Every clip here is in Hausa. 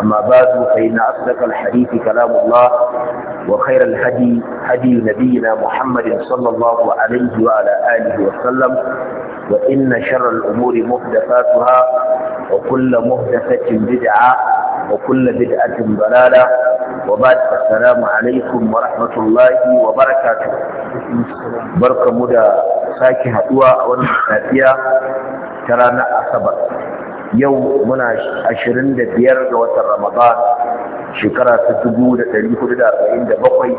أما بعد فإن أصدق الحديث كلام الله وخير الهدي هدي نبينا محمد صلى الله عليه وعلى آله وسلم وإن شر الأمور محدثاتها وكل محدثة بدعة وكل بدعة ضلالة وبعد السلام عليكم ورحمة الله وبركاته بركة مدى ساكي هدوى ونحن ترانا أصبر yau muna ashirin da biyar ga watan Ramadan shekara ta bakwai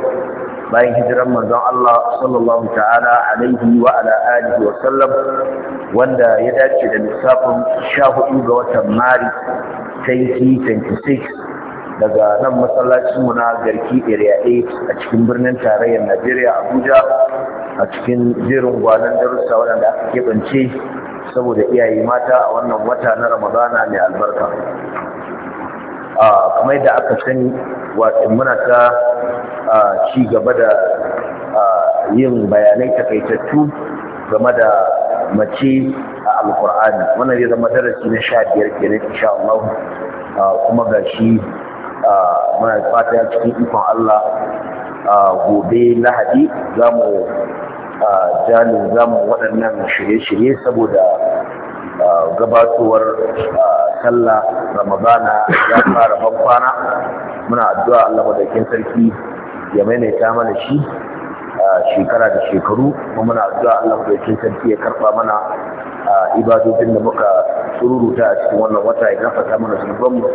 bayan hijiran manzon Allah sallallahu ta'ala alaihi wa ala alihi wa sallam wanda ya dace da lissafin sha hudu ga watan Maris 2026 daga nan masallacinmu na garki area 8 a cikin birnin tarayyar najeriya abuja a cikin jerin gwanon darussa waɗanda aka keɓance saboda iyaye mata a wannan wata na ramadana mai albarka kamar da aka sani wato muna ta ci gaba da yin bayanai takaitattu game da mace a alkur'ani wannan zai zama darasi na sha biyar kenan insha Allah kuma ga shi muna fata cikin ikon Allah gobe lahadi za mu a jalin zamun waɗannan shirye-shirye saboda gabatowar sallah ramadana ya fara bankwana muna addu'a Allah madaukin sarki ya maimaita mana shi shekara da shekaru kuma muna addu'a Allah madaukin sarki ya karba mana ibadodin da muka sururuta a cikin wannan wata ya gafarta mana zunubanmu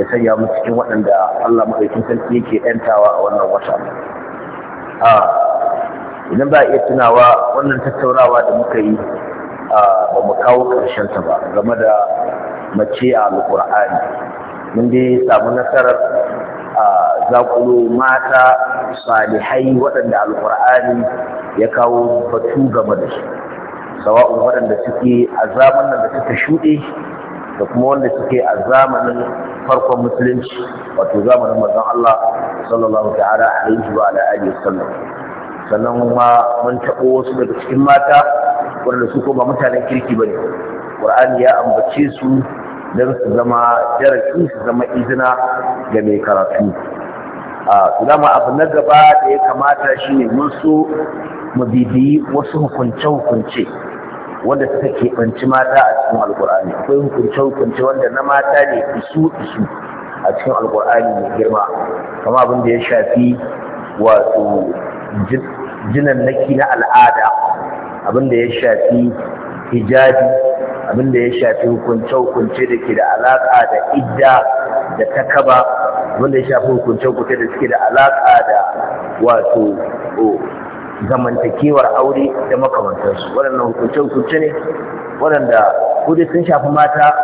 ya sanya mu cikin waɗanda Allah madaukin sarki yake yantawa a wannan wata idan ba iya tunawa wannan tattaunawa da muka yi ba mu kawo ta ba game da mace a alƙur'ani mun dai samu nasarar zaƙulo mata salihai waɗanda alƙur'ani ya kawo batu game da su sawa'un waɗanda suke a zamanin da suka shuɗe da kuma wanda suke a zamanin farkon musulunci wato zamanin manzon Allah sallallahu ta'ala alaihi wa alihi sannan ma mun taɓo wasu daga cikin mata wanda su kuma mutanen kirki ba ne ƙur'ani ya ambace su don su zama darasi su zama izina ga mai karatu a zama abu na gaba da ya kamata shine ne mun so mu bibiyi wasu hukunce-hukunce wanda suka keɓanci mata a cikin alkur'ani akwai hukunce-hukunce wanda na mata ne isu-isu a cikin alkur'ani mai girma kama abin da ya shafi wato Jinan naki na al'ada abinda ya shafi hijabi abinda ya shafi hukunce-hukunce da ke da alaƙa da idda da takaba abinda ya shafi hukunce-hukunce da suke da alaƙa da wato zamantakewar aure da makamantarsu waɗannan hukunce-hukunce ne waɗanda kudi sun shafi mata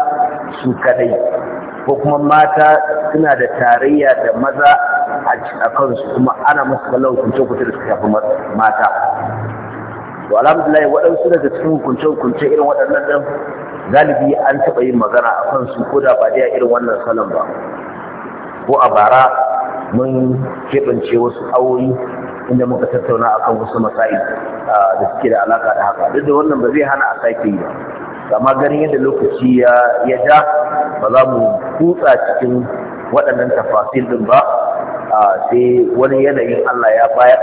su kadai ko kuma mata suna da tarayya da maza haji a kansu kuma ana musu kallon hukunce kuce da suka shafi mata to alhamdulillah waɗansu daga cikin hukunce irin waɗannan ɗin galibi an taɓa yin magana a kansu ko da ba a irin wannan salon ba ko a bara mun keɓance wasu awoyi inda muka tattauna akan wasu masai da suke da alaƙa da haka duk da wannan ba zai hana a sake yi ba amma ganin yadda lokaci ya ja ba za mu kutsa cikin waɗannan tafasil ɗin ba sai wani yanayin Allah ya baya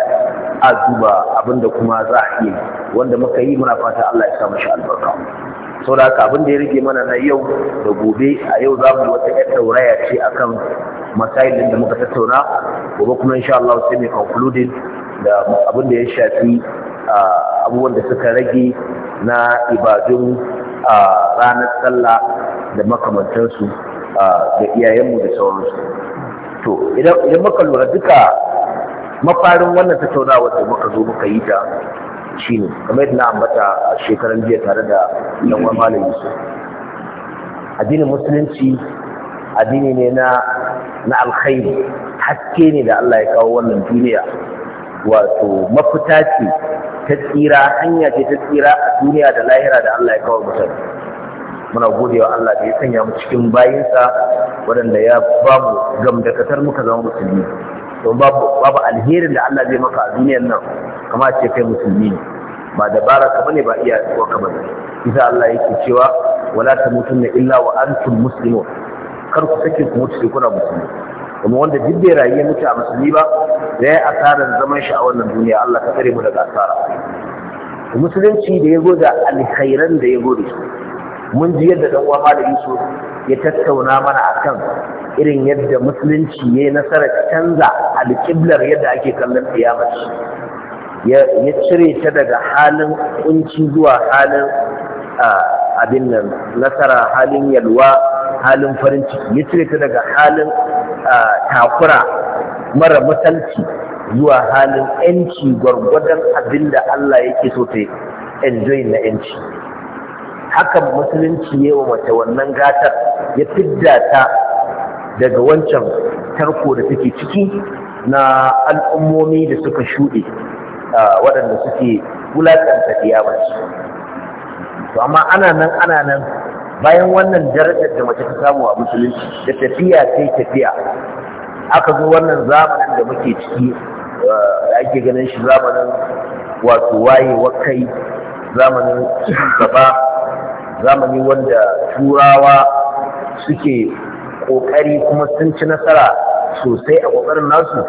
a duba abinda kuma za a yi wanda muka yi muna fata Allah ya sa shi albarka sau da haka abinda ya rike mana na yau da gobe a yau za mu wata yar tauraya ce akan masailin da muka tattauna gobe kuma insha Allah sai mai concluding da abinda ya shafi abubuwan da suka rage na ibadun ranar sallah da makamantansu da iyayenmu da sauransu to idan muka lura duka mafarin wannan tattaunawa da muka zo muka yi ta shi ne kamar yadda na ambata a shekaran jiya tare da yanwa malam yusuf addinin musulunci addini ne na alkhairi haske ne da Allah ya kawo wannan duniya wato mafita ce ta tsira hanya ce ta tsira a duniya da lahira da Allah ya kawo mutane muna godewa Allah da ya sanya mu cikin bayinsa waɗanda ya ba mu gamdakatar muka zama musulmi don babu alherin da Allah zai maka a duniyar nan kama ce kai musulmi ne ba dabara ka bane ba iya tsuwa ka bane isa Allah yake cewa wala ta mutum na illa wa antum muslimun kar ku sake ku mutu sai kuna musulmi kuma wanda duk bai rayu ya mutu a musulmi ba da ya asarar zaman shi a wannan duniya Allah ka tsare mu daga asara musulunci da ya goda alkhairan da ya gode su mun ji yadda ɗan uwa malami so ya tattauna mana akan irin yadda musulunci ya yi nasarar canza alƙiblar yadda ake kallon kiyamaci ya cire ta daga halin kunci zuwa halin abin nan nasara halin yalwa halin farin ciki ya cire ta daga halin takura mara matalci zuwa halin yanci gwargwadon abin da Allah yake so ta enjoy na yanci hakan musulunci ne wa mace wannan gatar ya fidda ta daga wancan tarko da take ciki na al'ummomi da suka shuɗe waɗanda suke wulaƙanta ɗiyamarsu to amma ana nan ana nan bayan wannan darajar da mace ta samu a musulunci da tafiya sai tafiya aka zo wannan zamanin da muke ciki ake ganin shi zamanin wato waye wakai zamanin gaba zamani wanda turawa suke kokari kuma sun ci nasara sosai a kokarin nasu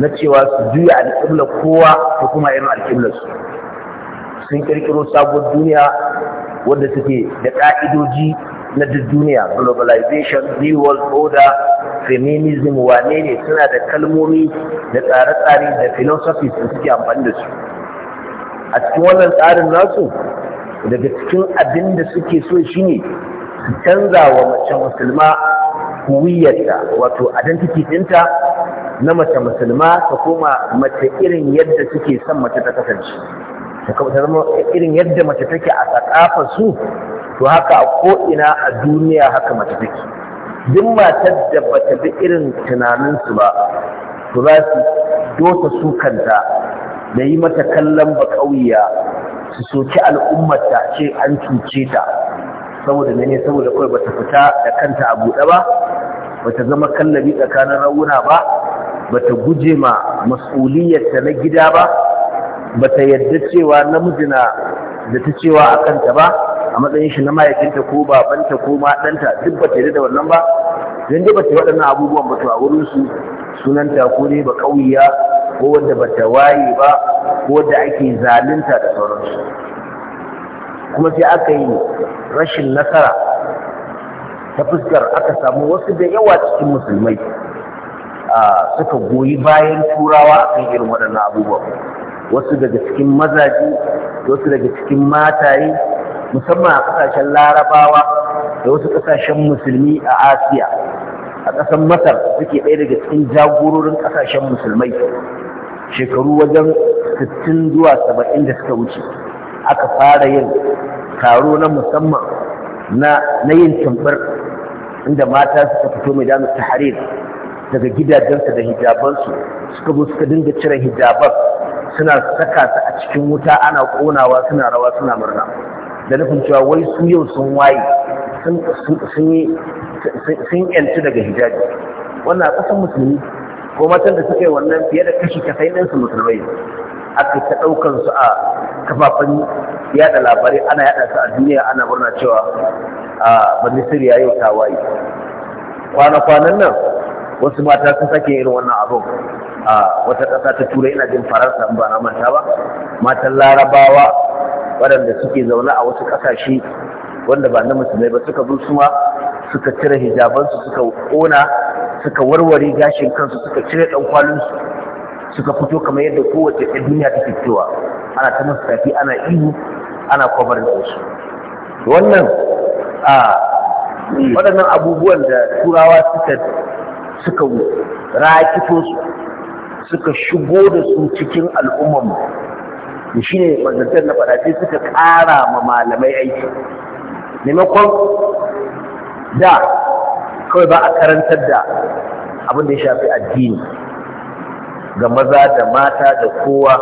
na cewa su juya alƙibla kowa ta kuma irin alƙiblarsu sun ƙirƙiro sabuwar duniya wanda suke da ƙa'idoji na duk duniya globalization new world order feminism wane ne suna da kalmomi da tsare-tsare da philosophies da suke amfani da su a cikin wannan tsarin nasu daga cikin abin da suke so shi ne su canza wa mace musulma huwiyarta wato identity ɗinta na mace musulma ta koma mace irin yadda suke son mace ta kasance ta zama irin yadda mace take a sakafarsu, su to haka a ko'ina a duniya haka mace take duk matar da bata bi irin tunaninsu ba to za su dota su kanta da yi mata kallon ba ƙauya su al’ummar al'ummarta ce an cuce ta saboda mene saboda kawai bata fita da kanta a buɗe ba bata zama kallabi tsakanin rauna ba bata guje ma mas'uliyarta na gida ba bata yadda cewa namijina da ta cewa a kanta ba a matsayin shi na mahaifinta ko babanta ko ma ɗanta duk bata yadda da wannan ba don bata waɗannan abubuwan ba to a wurin sunanta ko ne ba ko wanda ba ta waye ba ko wanda ake zalunta da sauransu kuma sai aka yi rashin nasara ta fuskar aka samu wasu da yawa cikin musulmai suka goyi bayan turawa a kan irin waɗannan abubuwa wasu daga cikin mazaji wasu daga cikin mataye musamman a ƙasashen larabawa da wasu ƙasashen musulmi a asiya a ƙasar masar suke ɗaya daga cikin jagororin ƙasashen musulmai shekaru wajen 60 zuwa 70 da suka wuce aka fara yin taro na musamman na yin tambar inda mata suka fito mai damu taharir daga gidajensu da hijabansu suka zo suka dinga cire hijaban suna saka su a cikin wuta ana konawa suna rawa suna murna da nufin cewa wai su yau sun waye sun yanci daga hijabi wannan a ƙasar musulmi ko matan da suka yi wannan fiye da kashi kasai nan su musulmai aka ta su a kafafen yada labarai ana yada su a duniya ana murna cewa a bani siriya yau tawaye kwana-kwanan nan wasu mata sun sake irin wannan abu. a wata ƙasa ta turai ina jin faransa ba na manta ba matan larabawa waɗanda suke zaune a wasu ƙasashe wanda ba na musulmai ba suka zo suma suka cire hijabansu suka ƙona suka warware gashin kansu suka cire ɗan kwalinsu suka fito kamar yadda kowace ta duniya take fitowa ana ta masu tafi ana ihu ana kwabar da wasu wannan a waɗannan abubuwan da turawa suka suka rakito su suka shigo da su cikin al'ummarmu da shi ne manzantar na faɗa suka ƙara ma malamai aiki maimakon da kawai ba a karantar da abinda ya shafi addini ga maza da mata da kowa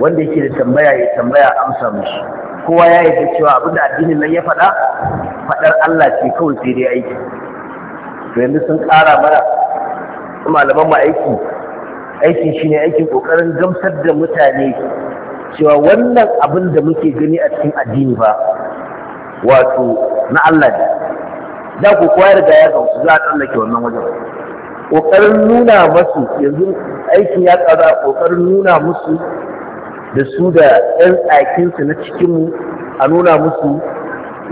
wanda yake da tambaya ya tambaya amsa mishi kowa ya yi cewa abinda da addinin nan ya faɗa faɗar Allah ce kawai sai dai aiki to yanzu sun ƙara mana malaman ma aiki aiki ne aikin ƙoƙarin gamsar da mutane cewa wannan abin da muke gani a cikin addini ba wato na Allah ne da ku kowa riga ya ga za a tsallake wannan wajen ƙoƙarin nuna masu yanzu aikin ya tsada ƙoƙarin nuna musu da su da 'yan aikinsu na cikinmu a nuna musu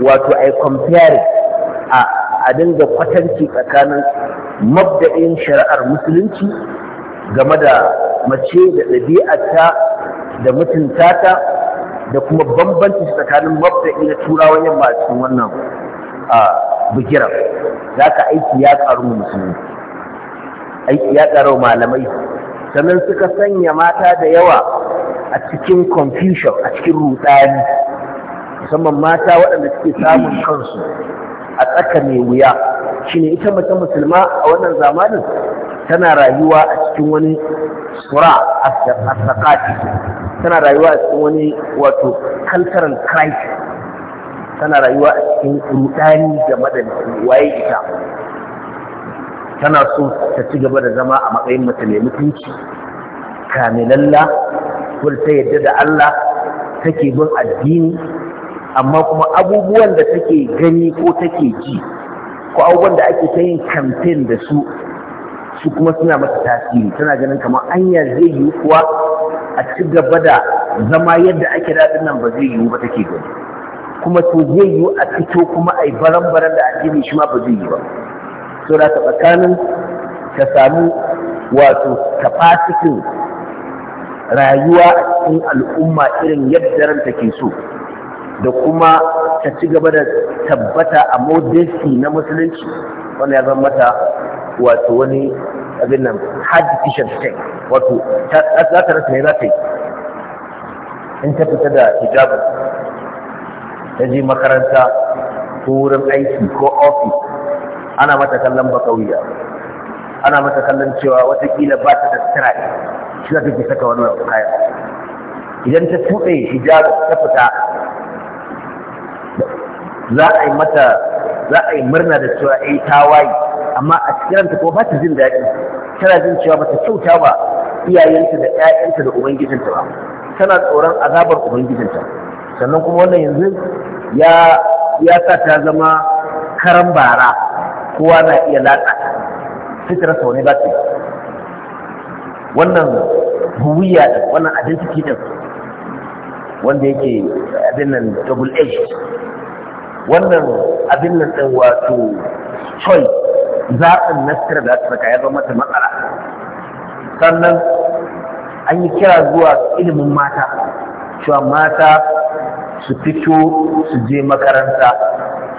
wato a compare a dinga kwatanci tsakanin mabda'in shari'ar musulunci game da mace da ɗabi'arta da mutuntata da kuma bambanci tsakanin mabda'i na turawan yamma a cikin wannan bigiran za ka aiki ya karu musulmi aiki ya karu malamai sannan suka sanya mata da yawa a cikin confusion a cikin rudani musamman mata waɗanda suke samun kansu a tsaka mai wuya shine ita mace musulma a wannan zamanin tana rayuwa a cikin wani sura a tana rayuwa a cikin wani wato cultural crisis tana rayuwa a cikin rudani da madalci waye ita tana so ta ci gaba da zama a matsayin mace mai mutunci kamilalla ko ta yadda da Allah take bin addini amma kuma abubuwan da take gani ko take ji ko abubuwan da ake ta yin kamfen da su su kuma suna mata tasiri tana ganin kamar anya zai yi kuwa a ci gaba da zama yadda ake daɗin nan ba zai yiwu ba take gani kuma to zai yi a fito kuma a yi baran-baran da addini shi ma ba zai yi ba so da ta tsakanin ka samu wato capacity rayuwa a cikin al'umma irin yadda ranta ke so da kuma ta ci gaba da tabbata a modesty na musulunci wanda ya zama mata wato wani abin nan hard decision take wato za ta rasa ne za ta yi in ta fita da hijabin ta je makaranta ko wurin aiki ko ofis ana mata kallon bakawiya ana mata kallon cewa watakila ba ta da strike shi za ta ke saka wannan kayan idan ta tuɓe hijab ta fita za a yi mata za a yi murna da cewa ai eh, ta waye amma a cikin ta ko ba ta jin daɗi tana jin cewa ba ta kyauta ba iyayenta da ƴaƴanta da ubangijinta ba tana tsoron azabar ubangijinta sannan kuma wannan yanzu ya ya sa ta zama karan bara kowa na iya latsa fitar sau ne ba ta wannan huwiya da wannan identity din wanda yake abin nan double edge wannan abin nan din wato choice zaɓin nasirar da ta saka ya zama mata matsala sannan an yi kira zuwa ilimin mata cewa mata su fito su je makaranta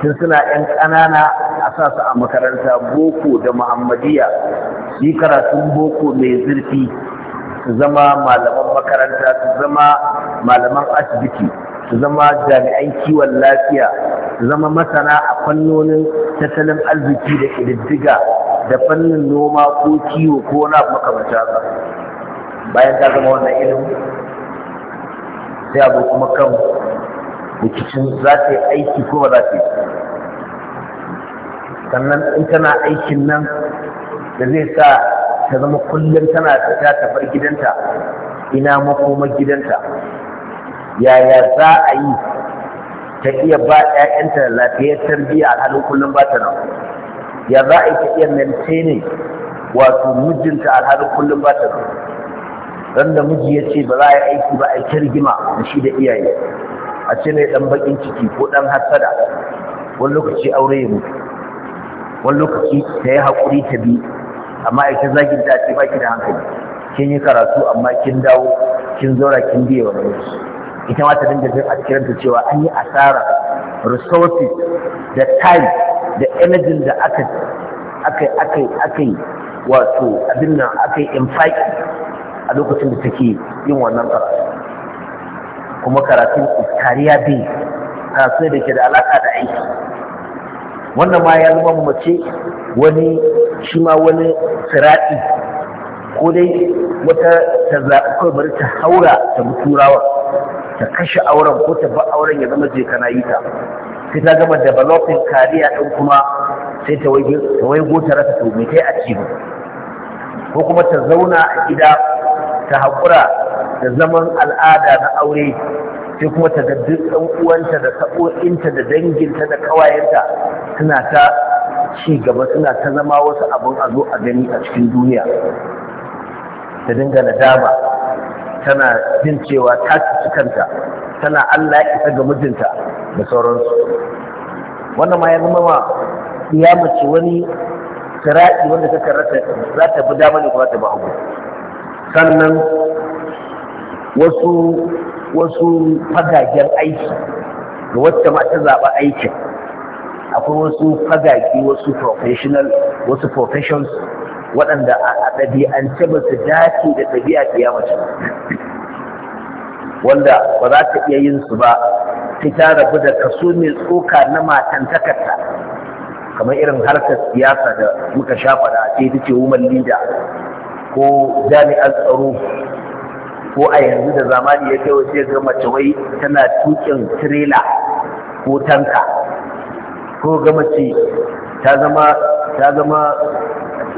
tun suna 'yan ƙanana a sa su a makaranta boko da muhammadiya su yi karatun boko mai zurfi su zama malaman makaranta su zama malaman asibiti su zama jami'an kiwon lafiya su zama masana a fannonin tattalin arziki da ƙididdiga da fannin noma ko kiwo ko na makamata bayan ta zama wannan ilimin sai kuma kan rikicin za ta yi aiki ko ba za ta yi sannan in tana aikin nan da zai sa ta zama kullum tana ta bar gidanta ina makomar gidanta yaya za a yi ta iya ba 'ya'yanta lafiyar tarbiyya a halin kullum ba ta nan ya za a yi ta iya maintainin wato mijinta a halin kullum ba ta nan dan da miji ya ce ba za a yi aiki ba a yi rigima da shi da iyaye a ce ne dan bakin ciki ko dan hasada wani lokaci aure ya mutu wani lokaci ta yi haƙuri ta bi amma a ita zagin ta ce baki da hankali kin yi karatu amma kin dawo kin zaura kin biye wa namiji ita ma ta dinga jin a cikin ta cewa an yi asara resources da time da energy da aka aka aka aka wato abin nan aka yi infaki a lokacin da take yin wannan karatu kuma karatun kariya bi karatu da ke da alaka da aiki wannan ma ya zama mace wani shi ma wani siraɗi ko dai wata ta zaɓi kawai bari ta haura ta mutu turawa ta kashe auren ko ta ba auren ya zama je kana yi ta sai ta gama developing kariya ɗin kuma sai ta waigo ta rasa a cikin. ko kuma ta zauna a gida ta haƙura da zaman al'ada na aure sai kuma ta ga uwanta da sa'o'inta da danginta da kawayenta suna ta ci gaba suna ta zama wasu abin a zo a gani a cikin duniya ta dinga nadama tana jin cewa ta ci kanta tana Allah isa ga mijinta da sauransu wannan ma ya zama ma ya mace wani sira'i wanda ta karata za ta bi dama ne kuma ta ba hagu sannan wasu fagagen aiki ga wacce mata zaɓa aikin akwai wasu fagage wasu professional wasu professions waɗanda a ɗabi'ance ba su dace da ɗabi'a kiyamace wanda ba za ta iya yin su ba sai ta rabu da kaso mai tsoka na matan takarta kamar irin harkar siyasa da muka shafa da ce ta ce woman leader ko jami'an tsaro ko a yanzu da zamani ya kai wace ga mace wai tana tukin tirela ko tanka ko ga mace ta zama ta zama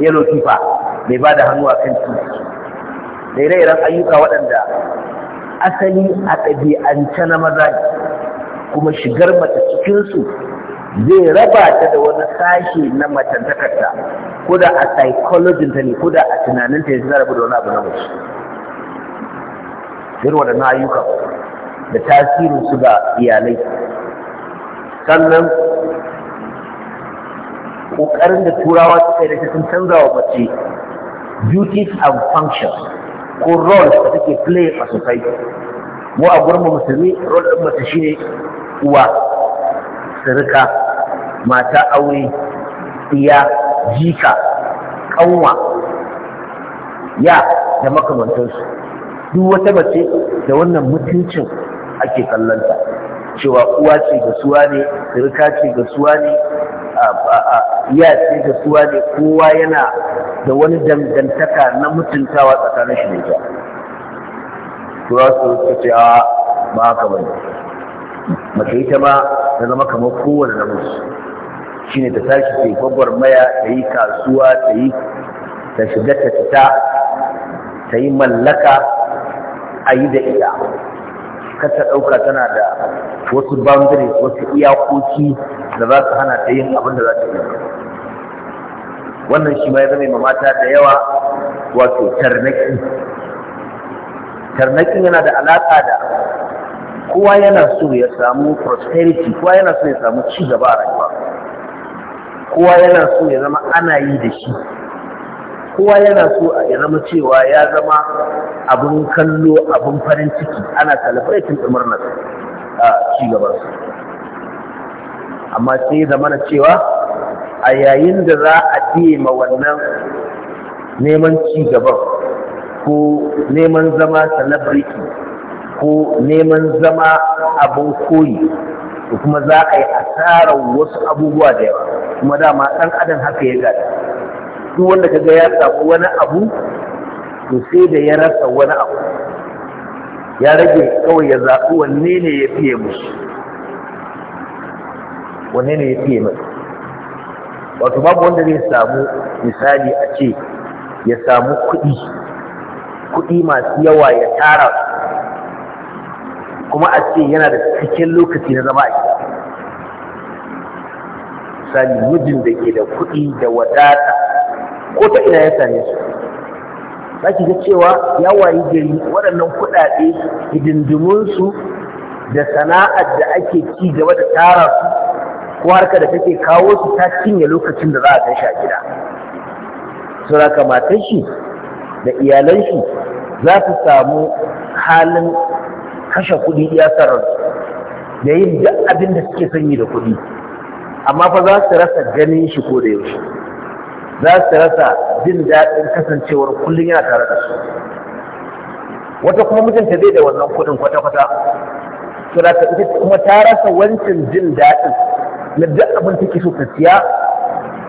yellow kifa mai ba da hannu a kan da ire-iren ayyuka waɗanda asali a ɗabi'ance na maza kuma shigar mace cikinsu zai raba ta da wani sashi na matantakarta ko da a psychologin ta ne ko da a tunanin ta yanzu rabu da wani abu na mace irin waɗannan ayyuka da tasirin su ga iyalai sannan ƙoƙarin da turawa su kai da sun canza wa mace duties and functions ko roles da take play a society mu a gurin musulmi role ɗin mace shine uwa sirika mata aure iya jika kanwa ya da makamantarsu. duk wata mace da wannan mutuncin ake kallonta cewa uwa ce ga suwa ne sirka ce ga suwa ne iya ce ga suwa ne kowa yana da wani dangantaka na mutuntawa tsakanin shi ne ita suwa su ce a ba haka bane mace ita ma ta zama kamar kowane namiji shine ta tashi ta yi gwagwarmaya ta yi kasuwa ta yi ta shiga ta fita ta yi mallaka a yi da iya. kata ɗauka tana da wasu boundaries wasu iyakoki da za su hana ta yin abin da za ta yi wannan shi ma ya zama ma mata da yawa wato tarnaki tarnakin yana da alaƙa da kowa yana so ya samu prosperity kowa yana so ya samu ci gaba a rayuwa kowa yana so ya zama ana yi da shi kowa yana so ya zama cewa ya zama abin kallo abin farin ciki ana celebrating murnar ci gaban su amma sai zama na cewa a yayin da za a ma wannan neman ci gaban ko neman zama celebrity ko neman zama abin koyi da kuma za a yi asarar wasu abubuwa da yawa kuma dama ɗan adam haka ya gada duk wanda kaga ya samu wani abu to sai da ya rasa wani abu ya rage kawai ya zaɓi wanne ne ya fiye musu wanne ne ya fiye musu wato babu wanda zai samu misali a ce ya samu kuɗi kuɗi masu yawa ya tara kuma a ce yana da cikin lokaci na zama a misali mijin da ke da kuɗi da wadata ko ta ina ya same su za ki ga cewa ya wayi gari waɗannan kuɗaɗe hidindimunsu da sana'ar da ake ci gaba da tara su ko harka da take kawo su ta cinye lokacin da za a tashi a gida suraka matan shi da iyalan shi za su samu halin kashe kuɗi iya sarar da yin duk abin da suke sanyi da kuɗi amma fa za su rasa ganin shi ko da yaushe za su rasa jin daɗin kasancewar kullum yana tare da su wata kuma mijinta zai da wannan kuɗin kwata-kwata to da ita kuma ta rasa wancan jin daɗin na duk abin take so ta siya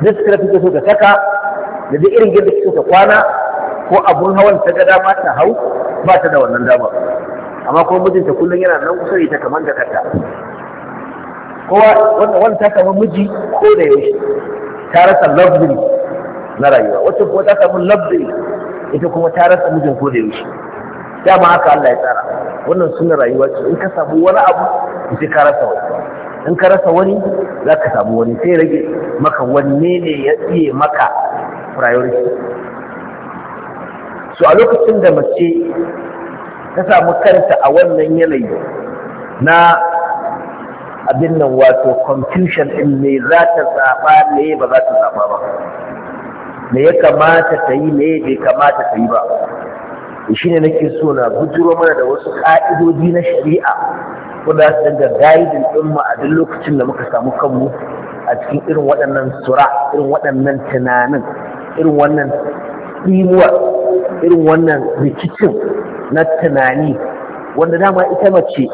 duk suka take so ta saka da duk irin yadda take so ta kwana ko abun hawan ta ga dama ta hau ba ta da wannan dama amma kuma mijinta kullum yana nan kusa da ita kamar da kanta kowa wanda ta samu miji ko da yaushe ta rasa luxury na rayuwa wacce kuma ta samu luxury ita kuma ta rasa mijin ko da yaushe dama haka Allah ya tsara wannan suna rayuwa ce in ka samu wani abu sai ka rasa wani in ka rasa wani za ka samu wani sai rage maka wanne ne ya tsiye maka priority so a lokacin da mace ta samu kanta a wannan yanayi na abin nan wato confusion ɗin me za ta zaɓa me ba za ta zaɓa ba me ya kamata ta yi me bai kamata ta yi ba shi ne nake so na bujiro mana da wasu ƙa'idodi na shari'a wanda su dinga gaidin ɗinmu a duk lokacin da muka samu kanmu a cikin irin waɗannan sura irin waɗannan tunanin irin wannan tsimuwa irin wannan rikicin na tunani wanda dama ita mace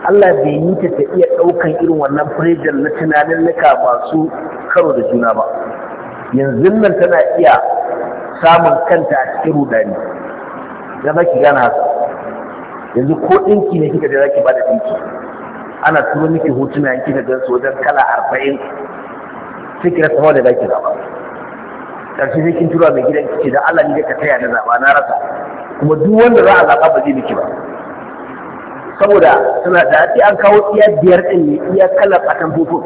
Allah bai yi ta ta iya ɗaukan irin wannan firijin na tunanin nuka masu karo da juna ba yanzu nan tana iya samun kanta a cikin rudani Ya za ki gana haka yanzu ko ɗinki ne kika da za ki ba da ɗinki ana turo miki hotuna yanki da gansu wajen kala arba'in sai rasa rasa da za ki zaɓa ƙarshe sai kin tura mai gidan ki ce da Allah ne ka taya na zaɓa na rasa kuma duk wanda za a zaba ba zai miki ba saboda suna da ake an kawo iya biyar ɗin ne iya kalar akan fofin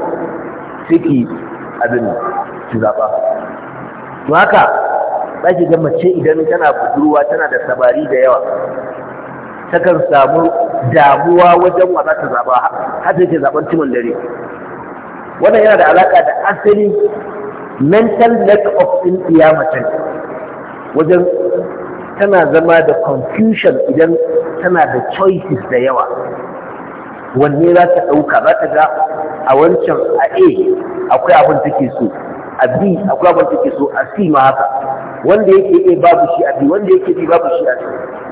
suke abin su zaɓa to haka za ki ga mace idan tana budurwa tana da sabari da yawa takan samu damuwa wajen wa za ta zaɓa har ke zaɓar cimon dare wannan yana da alaƙa da asali mental lack of in iya mace wajen tana zama da confusion idan tana da choices da yawa wanne za ta ɗauka za ta ga a wancan a a akwai abin take so a b akwai abin take so a c ma haka wanda yake a babu shi a b wanda yake b babu shi a c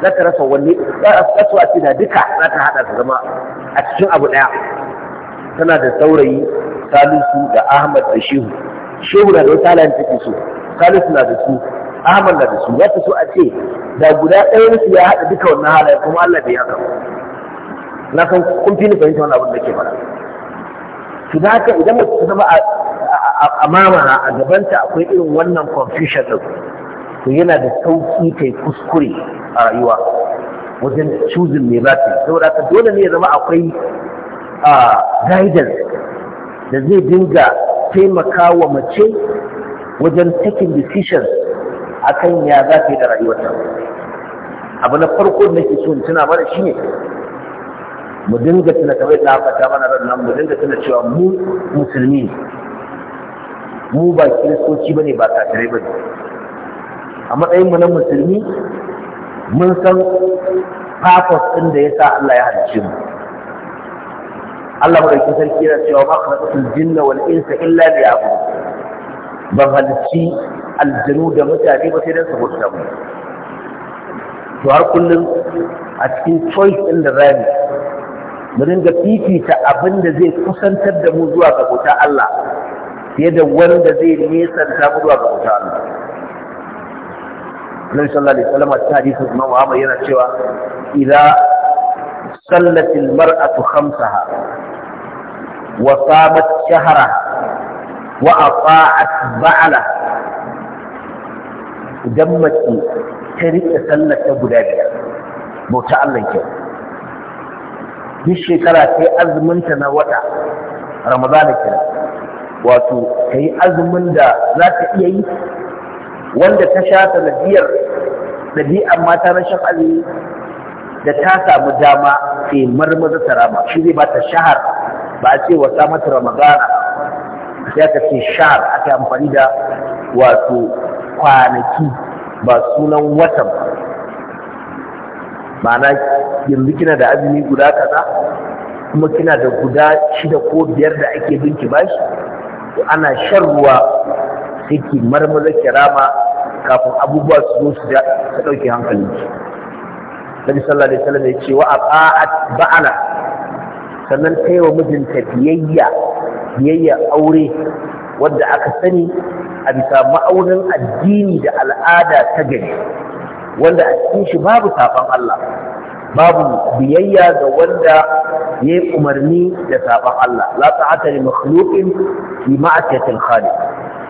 za ta rasa wanne za su a ce da duka za ta haɗa su zama a cikin abu ɗaya tana da saurayi salisu da ahmad da shehu shehu na da wata halayen take so salisu na da su Ahmad na da su ya fi so a ce da guda ɗayan su ya haɗa duka wannan halaye kuma Allah bai haka na san kun fi ni fahimta wani abin da ke faɗa to da haka idan mutum ta zama a mamara a gabanta akwai irin wannan confusion ɗin to yana da sauƙi kai kuskure a rayuwa wajen cuzin mai zafi ta saboda haka dole ne ya zama akwai guidance da zai dinga taimaka wa mace wajen taking decisions akan ya za ta yi da rayuwarta abu na farko da nake so in tuna mana ne. mu dinga tuna kamar da aka ta mana ran nan mu dinga tuna cewa mu musulmi mu ba kiristoci ba ne ba kafirai ne. a matsayinmu na musulmi mun san purpose ɗin da ya sa Allah ya halicce mu Allah madaukakin sarki yana cewa ba ma khalaqatul jinna wal insa illa liya'budun ban halicci aljanu da mutane ba sai don su bauta mu to har kullum a cikin choice ɗin da rami mu dinga fifita abin da zai kusantar da mu zuwa ga bauta Allah fiye da wanda zai nesanta mu zuwa ga bauta Allah Annabi sallallahu alaihi wasallam a cikin hadisin Imam Muhammad yana cewa idza sallatil mar'atu khamsaha wa samat shahraha wa ata'at ba'ala idan mace ta rike sallar ta guda biyar bauta Allah ke duk shekara ta yi azuminta na wata ramadana kira wato ta yi azumin da za ta iya yi wanda ta sha sanadiyar ɗabi'ar mata na shan azumi da ta samu dama sai marmaza ta rama shi zai ba shahar ba a ce wata mata ramadana ya ka shahar aka amfani da wato kwanaki ba sunan watan ma'ana yanzu kina da azumi guda kaza kuma kina da guda shida ko biyar da ake binki bashi to ana shan ruwa sai ki marmaza kirama kafin abubuwa su zo su ta ɗauke hankali Nabi sallallahu alaihi wasallam ya ce wa aqa'at ba'ala sannan kai wa mijinta biyayya biyayya aure wadda aka sani a bisa ma'aunin addini da al'ada ta gari wanda a cikin shi babu saban Allah babu biyayya ga wanda ya yi umarni da saban Allah la ta'ata li makhluqin fi ma'siyatil khaliq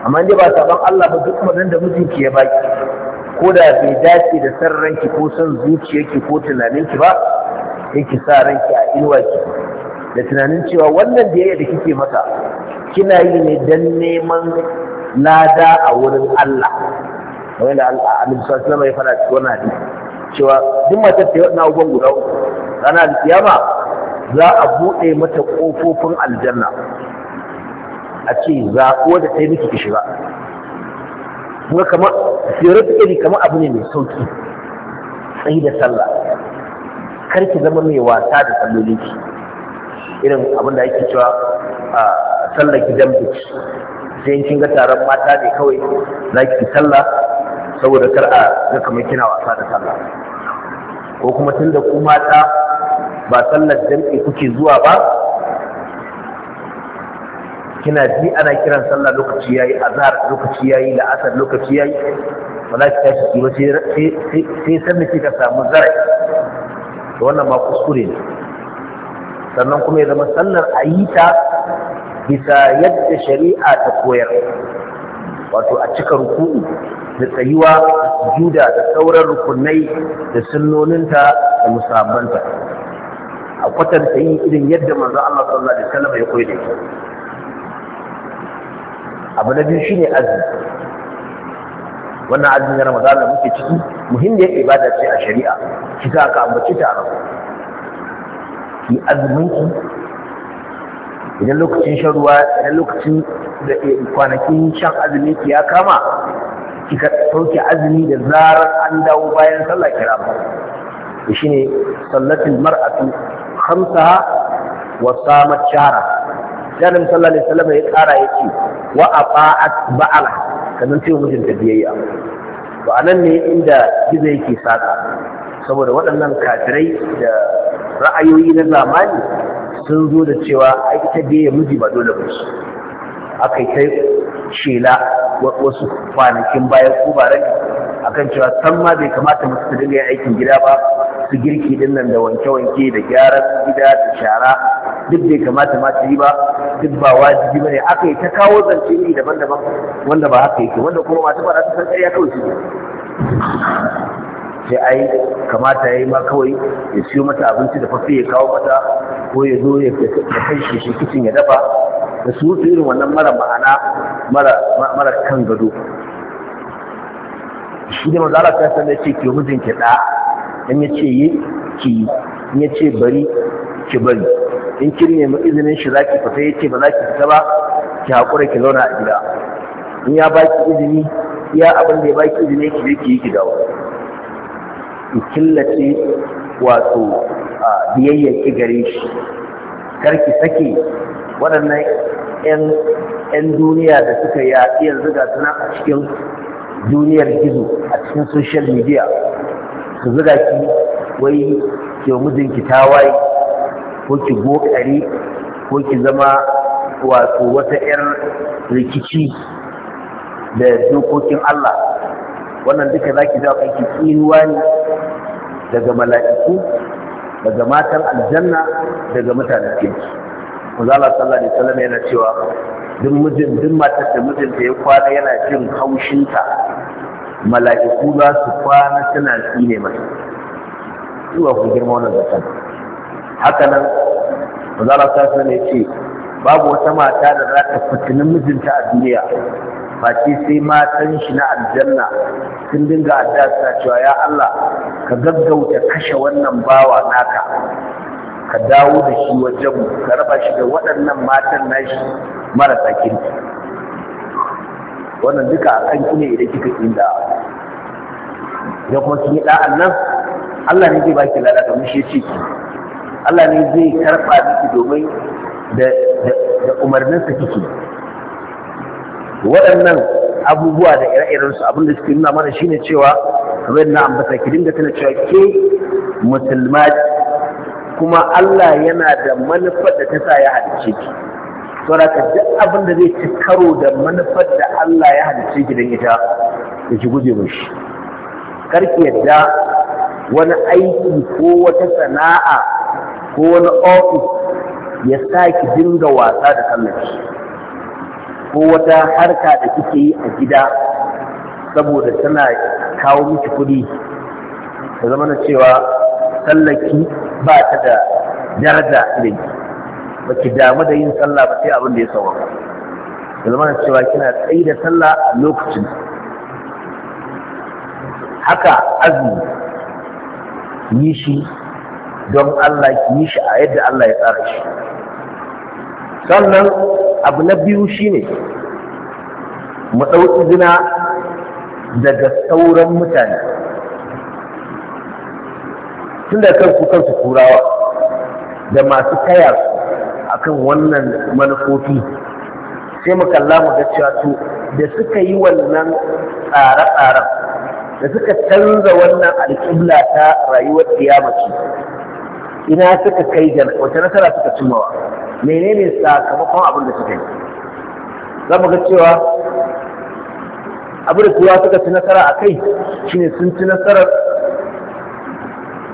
amma inda ba saban Allah ba duk umarnin da mijinki ya baki ko da bai dace da san ranki ko san zuciyarki ko tunaninki ba yake sa ranki a inuwa ki da tunanin cewa wannan da da kike masa kina yi ne dan neman lada a wurin Allah kamar da Annabi sallallahu alaihi ya fara cikin wannan hadisi cewa duk matar ta yi abubuwan guda uku da kiyama za a buɗe mata ƙofofin aljanna a ce za zaɓo da ta yi miki ki shiga kuma kamar theoretically kama abu ne mai sauki tsayi da sallah kar ki zama mai wasa da sallolin ki irin abin ake cewa a sallar gidan biki sai kin ga taron mata ne kawai za ki sallah saboda kar a ga kamar kina wasa da sallah ko kuma tunda ku mata ba sallar jam'i kuke zuwa ba kina ji ana kiran sallah lokaci yayi azhar lokaci yayi la'asar lokaci yayi za ki tashi ki ba sai sai sai sai kika samu zarai da wannan ma kuskure ne sannan kuma ya zama sallar a yi ta bisa yadda shari'a ta koyar wato a cika ruku'u da tsayuwa da sujuda da sauran rukunai da sunnoninta da musabanta a kwatanta yi irin yadda manzo Allah sallallahu alaihi wasallam ya koyar abu na biyu shine azumi wannan azumin Ramadan da muke ciki muhimmiyar ibada ce a shari'a kika ka ambaci ta a ki azumin ki idan lokacin shan ruwa idan lokacin eh, kwanakin shan azumi ki ya kama kika sauke azumi da zarar an dawo bayan sallah kira ba ne sallatul mar'atu Hamsa wa samat shahra sai annabi sallallahu alaihi wasallam ya kara yake wa afa'at ba'ala kaman ce mijinta biyayya to anan ne inda gizo yake saka saboda waɗannan kafirai da ra'ayoyi na zamani sun zo da cewa aikata ita ya miji ba dole ba su, aka yi ta shela wasu kwanakin bayan a akan cewa san ma bai kamata musu su dinga yin aikin gida ba su girki din nan da wanke-wanke da gyaran gida da shara duk bai kamata ma su yi ba duk ba wajibi ne, aka yi ta kawo zance iri daban-daban wanda ba haka yake wanda kuma masu faɗa su san ƙarya kawai su sai ai kamata ya yi ma kawai ya siyo mata abinci da fafi ya kawo mata ko ya zo ya kai shi shi kicin ya dafa da su irin wannan mara ma'ana mara kan gado shi da mazala ta san da ce ke mijin ke da in ya ce yi ki in ya ce bari ki bari in kin nemi izinin shi zaki fita ya ce ba za ki fita ba ki haƙura ki zauna a gida in ya baki izini iya abin da ya baki izini ki je ki yi ki dawo Ki killace wato biyayyar ki gare shi Kar ki sake waɗannan 'yan duniya da suka a yanzu ga suna a cikin duniyar gizo a cikin social media su zuga ki wai ke mijinki tawaye ko ki gokari ko ki zama wato wata 'yar rikici da dokokin Allah wannan duka za ki jawo ki tsinuwa ne daga mala'iku daga matan aljanna daga mutane. kirki Allah sallallahu alaihi wasallam yana cewa duk mijin duk matar da mijinta ya kwana yana jin haushinta mala'iku za su kwana suna tsine masa. zuwa ku girma wannan zaton haka nan Allah sallallahu alaihi wasallam ya ce babu wata mata da za ta fitinin mijinta a duniya baki sai matan shi na aljanna sun dinga addasa cewa ya Allah ka gaggauta kashe wannan bawa naka ka dawo da shi wajen ka raba shi da waɗannan matan nashi marasa kirki wannan duka a kan kine idan kika inda ya kuma kin da'an nan Allah ne zai baki lada kamar shi ki Allah ne zai karɓa miki domin da umarninsa kike waɗannan abubuwa da ire-irensu abin da suke nuna mana shine cewa kamar na ambata ki dinga tana cewa ke musulma kuma Allah yana da manufar da ta sa ya halicce ki saboda duk abin da zai ci karo da manufar da Allah ya halicce ki don ita da ki guje shi karki yadda wani aiki ko wata sana'a ko wani ofis ya sa ki dinga wasa da tallafi. ko wata harka da kike yi a gida saboda tana kawo miki kuɗi ta zama na cewa sallaki ba ta da daraja idan ba ki damu da yin sallah ba sai abin da ya sauwaka ta zama na cewa kina tsayi da sallah a lokacin haka azumi yi shi don Allah ki yi shi a yadda Allah ya tsara shi sannan abu na biyu shine mu ɗauki zina daga sauran mutane tun da kansu kansu turawa da masu kaya su akan wannan manufofi sai mu kalla mu ga cewa to da suka yi wannan tsare-tsaren da suka canza wannan alƙibla ta rayuwar kiyamaci ina suka kai ga wata nasara suka cimawa menene sakamakon abin da suka yi za mu ga cewa abin da kuwa suka ci nasara a kai shi ne sun ci nasarar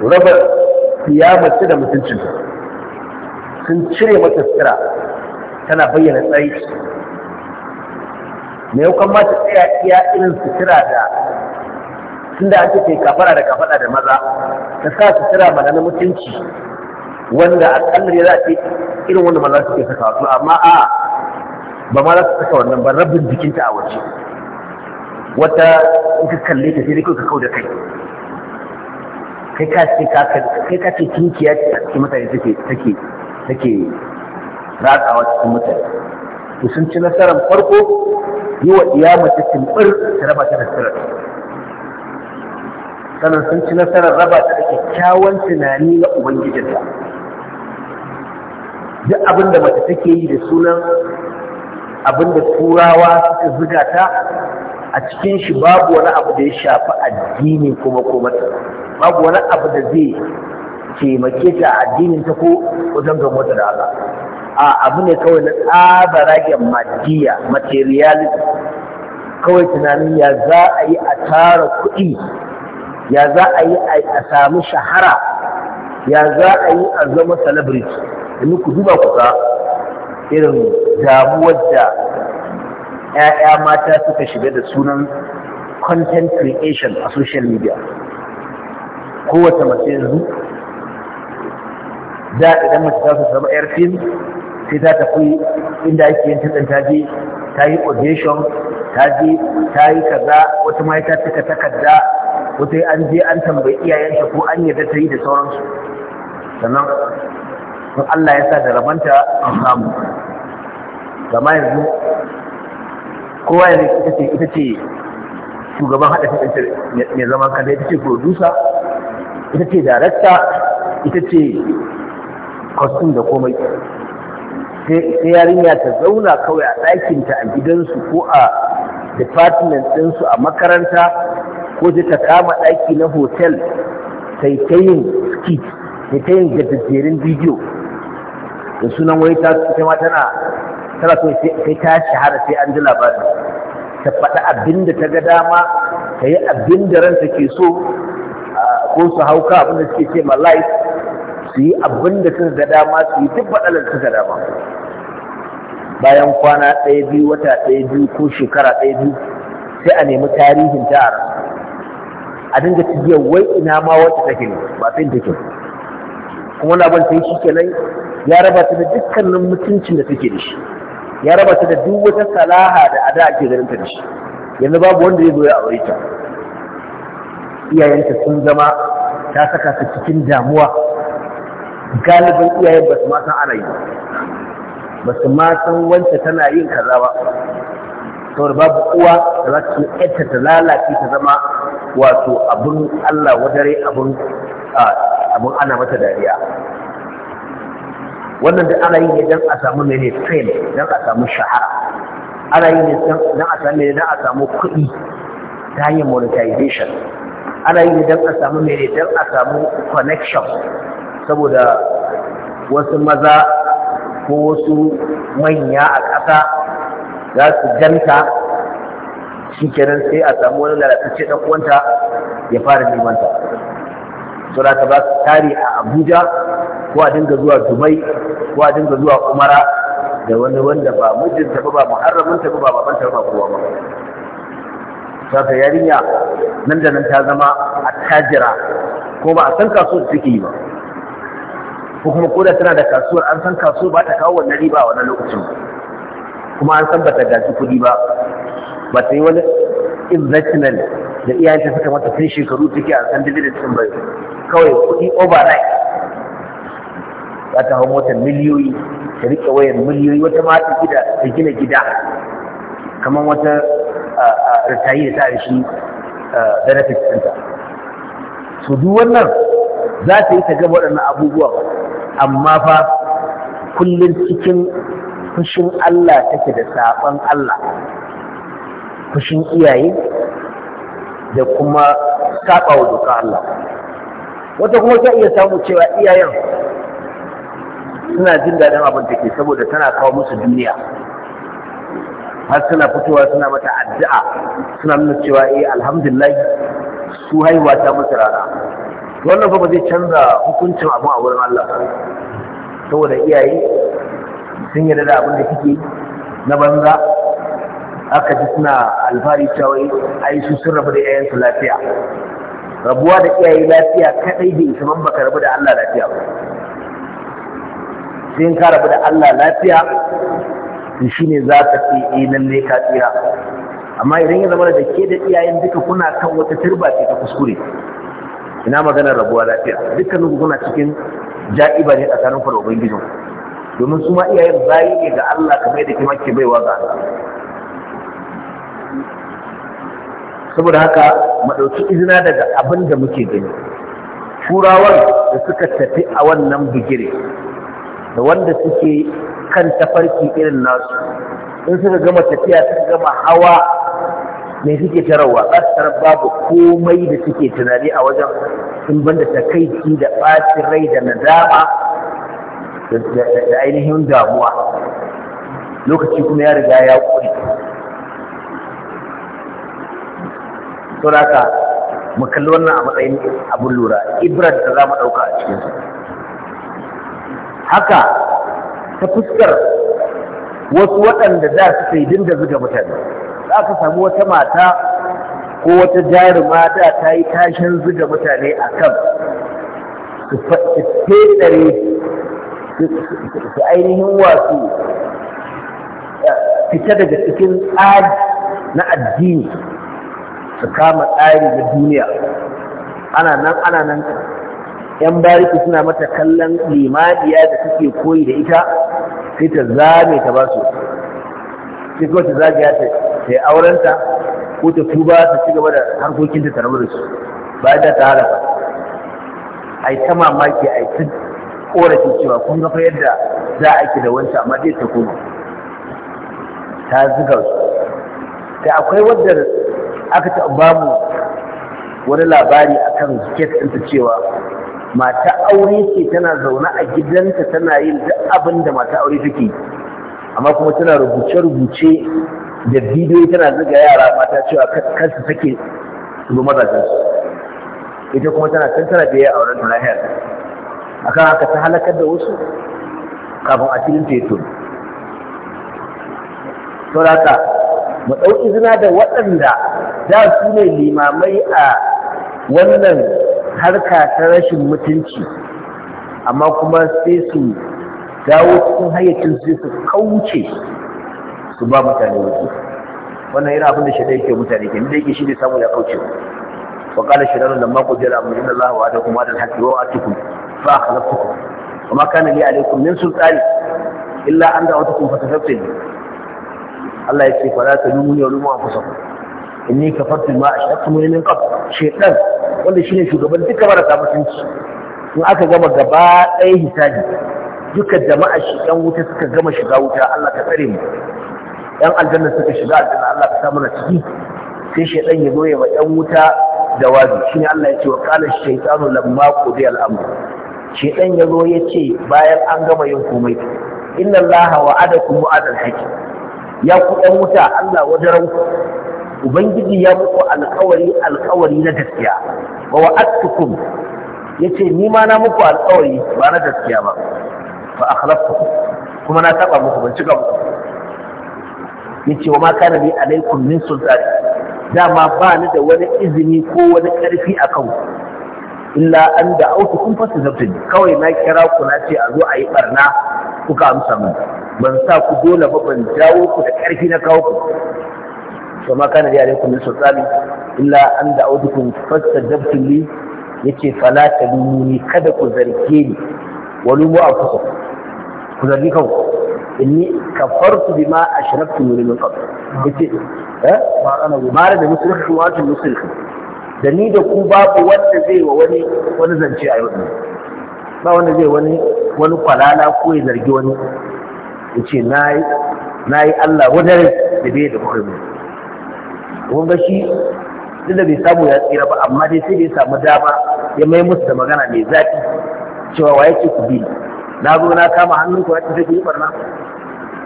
raba kiyamace da mutuncin. sun cire mata tsira tana bayyana tsayi me yau mata tsaya iya irin sutura da da ake ce kafara da kafada da maza ta sa sutura mana na mutunci wanda a ne za a ce irin wanda maza suke saka wasu amma a ba ma za su saka wannan ba rabin jikinta a waje wata in ka kalle ta sai dai kawai ka kau da kai kai ka ce kai ka ce kinkiya ce a cikin mutane take take take ratsawa cikin mutane to sun ci nasarar farko yi wa iya mace timbir ta raba ta nasarar sannan sun ci nasarar raba ta da kyakkyawan tunani na ubangijinta duk abin da mace take yi da sunan abin da turawa suka zuga ta a cikin shi babu wani abu da ya shafi addini kuma mata babu wani abu da zai taimake ta addinin ta ko wajen gamota da Allah a abu ne kawai na tsabara ga madiya materialist kawai tunanin ya za a yi a tara kuɗi ya za a yi a samu shahara ya za a yi a zama celebrity yanzu ku duba ku ga irin damuwar da ‘ya'ya mata suka shiga da sunan content creation a social media kowace mace yanzu da idan mace ta su zama ‘yar fim sai ta tafi inda ake yin tattan ta je yi audition ta je yi kaza wata ma ta cika takarda wata an je an tambayi iyayenta ko an yarda ta yi da sauransu sannan in Allah ya sa da rabanta an samu gama yanzu kowa ya ita ce ita ce shugaban haɗa fitar mai zaman kanta ita ce produsa ita ce darakta ita ce costume da komai sai yarinya ta zauna kawai a ɗakinta a gidansu ko a department ɗinsu a makaranta ko ta kama ɗaki na hotel sai ta yin skit sai ta yin gajajjerin bidiyo da sunan wai ta ita ma tana tana so sai ta shahara sai an ji labarin ta faɗi abin da ta ga dama ta yi abin da ranta ke so ko su hauka abin da suke ce ma life su yi abin da suka ga dama su yi duk faɗalar suka ga dama bayan kwana ɗaya biyu wata ɗaya biyu ko shekara ɗaya biyu sai a nemi tarihin ta a dinga tijiyar wai ina ma wata take ne ba sai take kuma na abin sai shi kenan ya raba ta da dukkanin mutuncin da take da shi ya raba ta da duk wata salaha da ada ake ganin ta da shi yanzu babu wanda ya zo ya aure ta iyayenta sun zama ta saka su cikin damuwa galibin iyayen ba su ma san ana yi ba su ma san tana yin kaza ba saboda babu uwa da za ta yi ta lalace ta zama wato abin Allah wadare abin abin ana mata dariya wannan da ana yi ne don a samu mene fame don a samu shahara ana yi ne don a samu mene don a samu kuɗi ta hanyar monetization ana yi ne don a samu mene don a samu connection saboda wasu maza ko wasu manya a ƙasa za su ganta shi kenan sai a samu wani lalatacce ɗan uwanta ya fara neman ta so da ba su tari a abuja ko a dinga zuwa dubai ko a dinga zuwa umara da wani wanda ba mijinta ba ba muharraminta ba ba babanta ba kowa ba sata yarinya nan da nan ta zama a tajira, ko ba a san kasuwar take yi ba ko kuma koda tana da kasuwar an san kasuwar ba ta kawo wannan riba wannan lokacin kuma an san bata gaji kuɗi ba ba ta yi wani investment da iyayenta suka mata tun shekaru take a san dividend sun bai kawai kuɗi overnight za ta hau motar miliyoyi ta rike wayar miliyoyi wata mata gida ta gina gida kamar wata ritayi da ta shi benefit center su duk wannan za ta yi ta gaba waɗannan abubuwa amma fa kullum cikin fushin Allah take da saɓon Allah fushin iyaye da kuma saɓa wa doka Allah wata kuma ta iya samu cewa iyayen suna jin daɗin abin take saboda tana kawo musu duniya har suna fitowa suna mata addu'a suna nuna cewa eh alhamdulillah su haihuwa ta musu rana wannan ba zai canza hukuncin abin a wurin Allah saboda iyaye sun yarda da abin da kike na banza aka ji suna alfahari cewa eh, ai su sun rabu da 'ya'yansu lafiya rabuwa da iyaye lafiya kadai bai isa man baka rabu da Allah lafiya ba sai in ka rabu da Allah lafiya to shine za ka ce nan eh, lalle ka tsira amma idan ya zama da ke da iyayen duka kuna kan wata turba ce ta kuskure ina maganar rabuwa lafiya dukkanin ku kuna cikin ja'iba ne tsakanin ku da ubangijin domin su ma iyayen za ga Allah kamar yadda kima ke baiwa ga Allah saboda haka maɗauki izina daga abin da muke gani turawan da suka tafi a wannan bigire da wanda suke kan tafarki irin nasu in suka gama tafiya suka gama hawa mai suke tarawa za su babu komai da suke tunani a wajen in banda takaici da ɓacin rai da nadama da ainihin damuwa lokaci kuma ya riga ya ƙuri sauraka mu kalli wannan a matsayin abin lura ibrat da za mu ɗauka a cikinsu haka ta fuskar wasu waɗanda za su sai dinga zuga mutane za ka samu wata mata ko wata jaruma mata ta yi tashin zuga mutane a kan su fetsare su ainihin wasu fita daga cikin tsari na addini su kama tsari na duniya ana nan ana nan yan bariki suna mata kallon limaniya da suke koyi da ita sai ta zame ta ba su sai kuma ta zagaya ta ta yi aurenta ko ta tuba ta ci gaba da harkokinta ta rabu da su bayan da ta a yi ta mamaki yi ta korafin cewa kun ga fa yadda za a ki da wancan amma dai ta koma ta zuga su ta akwai wadda aka ta babu wani labari akan kes ɗinta cewa mata aure ce tana zaune a gidanta tana yin duk abin da mata aure take amma kuma tana rubuce-rubuce da bidiyo tana zuga yara mata cewa kansu take su bi mazajen su ita kuma tana can tana biya auren ta lahiyar akan haka ta halakar da wasu kafin a cikin teku Sa'u da haka mu ɗauki zina da waɗanda da su ne limamai a wannan harka ta rashin mutunci amma kuma sai su dawo cikin hayyacin sai su kauce su ba mutane wasu wannan yana abin da shaɗa yake mutane ke da yake shi ne samu ya kauce wa kala shirarun da mako jira amma inda Allah wa da kuma da haƙi wa atikum fa khalaqtukum wa ma kana li alaykum min sultani illa an da'awtukum fatafattani Allah ya ce za ta lumuni wa lumu anfusa inni kafartu ma ashaqtu min qabl shaytan wanda shine shugaban duka marasa mutunci in aka gama gaba ɗaya hisabi duka jama'a shi ɗan wuta suka gama shiga wuta Allah ka tsare mu ɗan aljanna suka shiga aljanna Allah ka sa mana ciki sai shaytan ya zo ya ma ɗan wuta da jawabi shine Allah ya ce wa qala ash-shaytanu lamma qudiya al-amr shaytan ya zo ya ce bayan an gama yin komai inna allaha wa'adakum wa'adal hakim ya ku ɗan wuta Allah wajen Ubangiji ya muku alkawari alkawari na gaskiya wa Ya ce ni ma na muku alkawari ba na gaskiya ba Ba fa akhlaftukum kuma na taɓa muku ban cika muku ce wa ma kana bi alaikun min sultani dama ba ni da wani izini ko wani ƙarfi a ku illa an da fasa zafin. kawai na kira ku na ce a zo a yi ɓarna kuka amsa mun ban sa ku dole ba ban jawo ku da ƙarfi na kawo ku to ma kana da alaikum min sultani illa an da'udukum fastajabtum li yace fala talumuni kada ku zarge ni walumu anfusakum ku zargi kanku inni kafartu bima ashraktum min qabl yace eh ma ana gumara da musulmi wa tun musulmi da ni da ku babu wanda zai wa wani wani zance a yau ba wanda zai wani wani kwalala ko ya zargi wani ya ce na yi Allah wadare da bai da kuka yi kuma ba shi duk da bai samu ya tsira ba amma dai sai da ya samu dama ya mai musu da magana mai zafi cewa wa yake ku bi na zo na kama hannun ku na tafi yi barna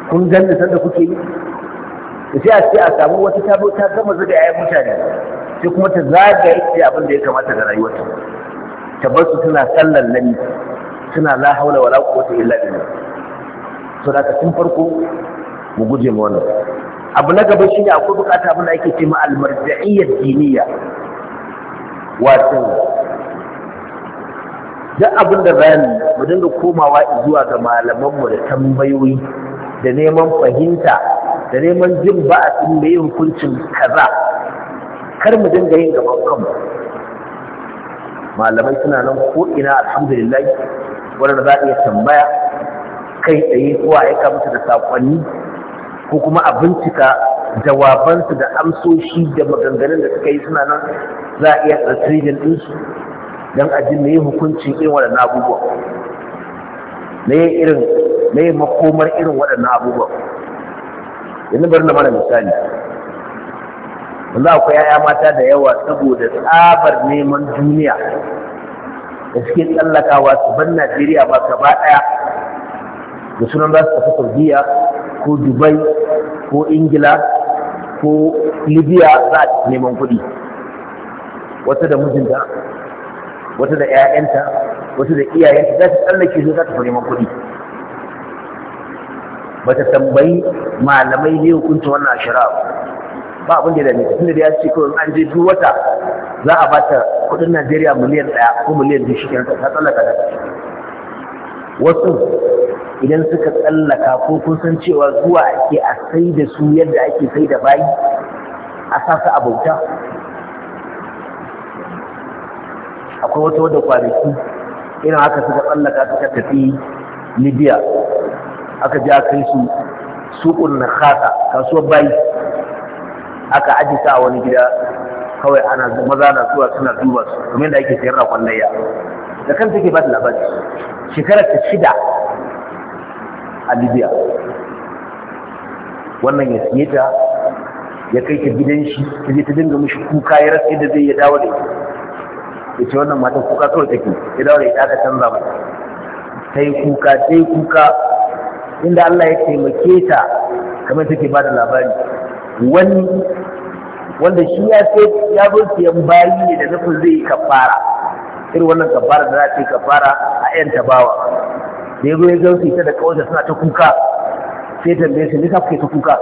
kun da sanda kuke yi sai a ce a samu wata ta ta gama zuga yayan mutane sai kuma ta zagaye ce abin da ya kamata da rayuwarta ta bar su suna sallan lami suna la haula wala quwwata illa billah so da tun farko mu guje ma wannan abu na gaba shine akwai bukata abin da ake ce ma almarja'iyyar diniya wato duk abin da za mu dinga komawa zuwa ga malamanmu da tambayoyi da neman fahimta da neman jin ba'asin da yin hukuncin kaza kar mu dinga yin gaban kanmu malamai suna nan ko ina alhamdulillah wanda za a iya tambaya kai tsaye ko a aika musu da saƙonni ko kuma a bincika jawabansu da amsoshi da maganganun da suka yi suna nan za a iya tsirrin ɗinsu don a ji mai hukuncin irin waɗannan abubuwan na yin irin na yin makomar irin waɗannan abubuwan yanzu bari na mana misali wanda akwai yaya mata da yawa saboda tsabar neman duniya da suke tsallakawa su ban najeriya ba gaba ɗaya da sunan za su tafi saudiya ko dubai ko ingila ko libya za a neman kuɗi wata da mijinta wata da 'ya'yanta wata da iyayenta za ta tsallake su za neman kuɗi ba ta tambayi malamai ne hukunta wannan ashira ba abin da ya dame tunda da ya ce kawai an je duk wata za a ba ta kuɗin najeriya miliyan ɗaya ko miliyan biyu shi ta tsallaka da wasu idan suka tsallaka ko kun san cewa zuwa ake a sai da su yadda ake sai da bayi a sa su a bauta akwai wata wadda kwanaki irin haka suka tsallaka suka tafi libya aka ja kai su suƙun na khasa kasuwar bayi aka aji a wani gida kawai ana maza na zuwa suna duba su kuma da ake sayar da kwallaya da kanta take ba ta labari shekarar ta shida a libya wannan ya siye ta ya kai ta gidan shi ta je ta dinga mishi kuka ya rasu yadda zai ya dawo da ita ya ce wannan matan kuka kawai take ya dawo da ita aka canza mai ta yi kuka ta yi kuka inda Allah ya taimake ta kamar take ba da labari wani wanda shi ya ce ya zo bayi ne da nufin zai kafara irin wannan kafara da za ta yi kafara a yan tabawa da ya zo ya gansu ita da kawai suna ta kuka sai tambaye su nisa kuke ta kuka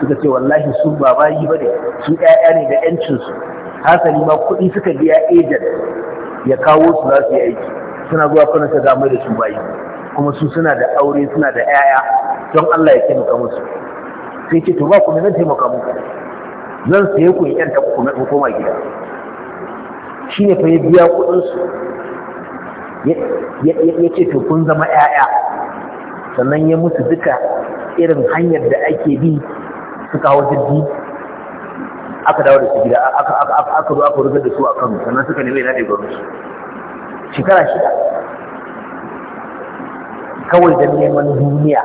suka ce wallahi sun ba yi ba ne su ƴaƴa ne da ƴancinsu hasali ma kuɗi suka biya ejan ya kawo su za su yi aiki suna zuwa kuna ta zama da su bayi kuma su suna da aure suna da ƴaƴa don Allah ya taimaka musu sai ce to ba ku ne zan taimaka muku zan saye ku in ta ku koma gida shi ne fa ya biya kuɗinsu ya ce to kun zama 'ya'ya sannan ya mutu duka irin hanyar da ake bi suka hau jirgi aka dawo da su gida aka zo aka rugar da su a kano sannan suka nemi yana da garinsu shekara shida kawai don neman duniya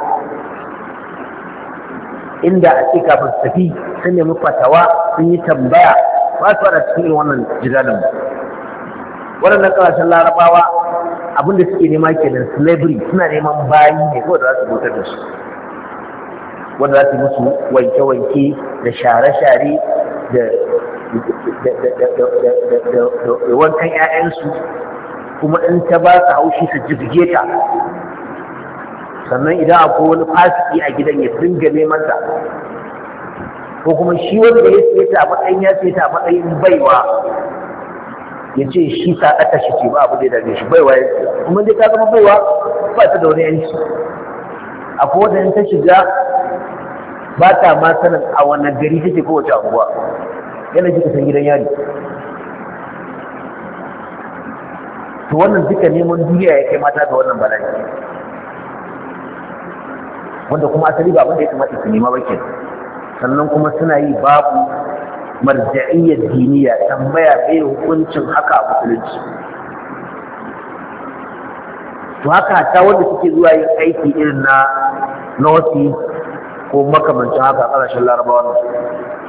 inda a ce kafin tafi sun nemi fatawa sun yi tambaya ba su fara cikin wannan jigalin ba waɗannan ƙasashen larabawa abinda suke nema kenan slavery suna neman bayi ne ko da za su bautar da su wanda za su musu wanke-wanke da share-share da wankan 'ya'yansu kuma in ta ba su haushi su jirge ta sannan idan akwai wani fasiki a gidan ya dinga neman ta ko kuma shi wanda ya siye ta matsayin ya siye ta matsayin baiwa ya ce shi aka shi ce ba abu da ya shi baiwa ya kuma dai ka zama baiwa ba ta da wani yanci akwai wanda ta shiga ba ta ma sanin a wani gari take kowace abuwa yana ji san gidan yari to wannan duka neman duniya ya kai mata ga wannan bala'i wanda kuma asali ba abin da ya kamata su nema ba ke sannan kuma suna yi babu marja'iyyar diniya tambaya bai hukuncin haka a musulunci to haka ta wanda suke zuwa yin aiki irin na noti ko makamancin haka a ƙasashen larabawa ne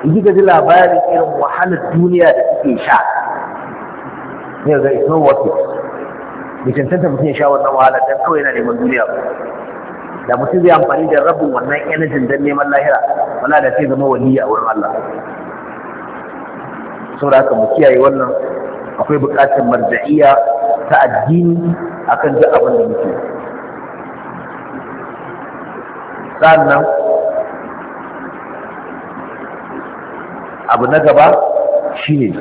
in kika ji labarin irin wahalar duniya da suke sha ne ga it's not worth it bai cancanta mutum ya sha wannan wahalar don kawai yana neman duniya da mutum zai amfani da rabin wannan yanajin don neman lahira wala da sai zama waliya a wurin Allah saboda haka mu kiyaye wannan akwai buƙatar marja'iya ta addini akan duk abin da muke sannan abu na gaba ne.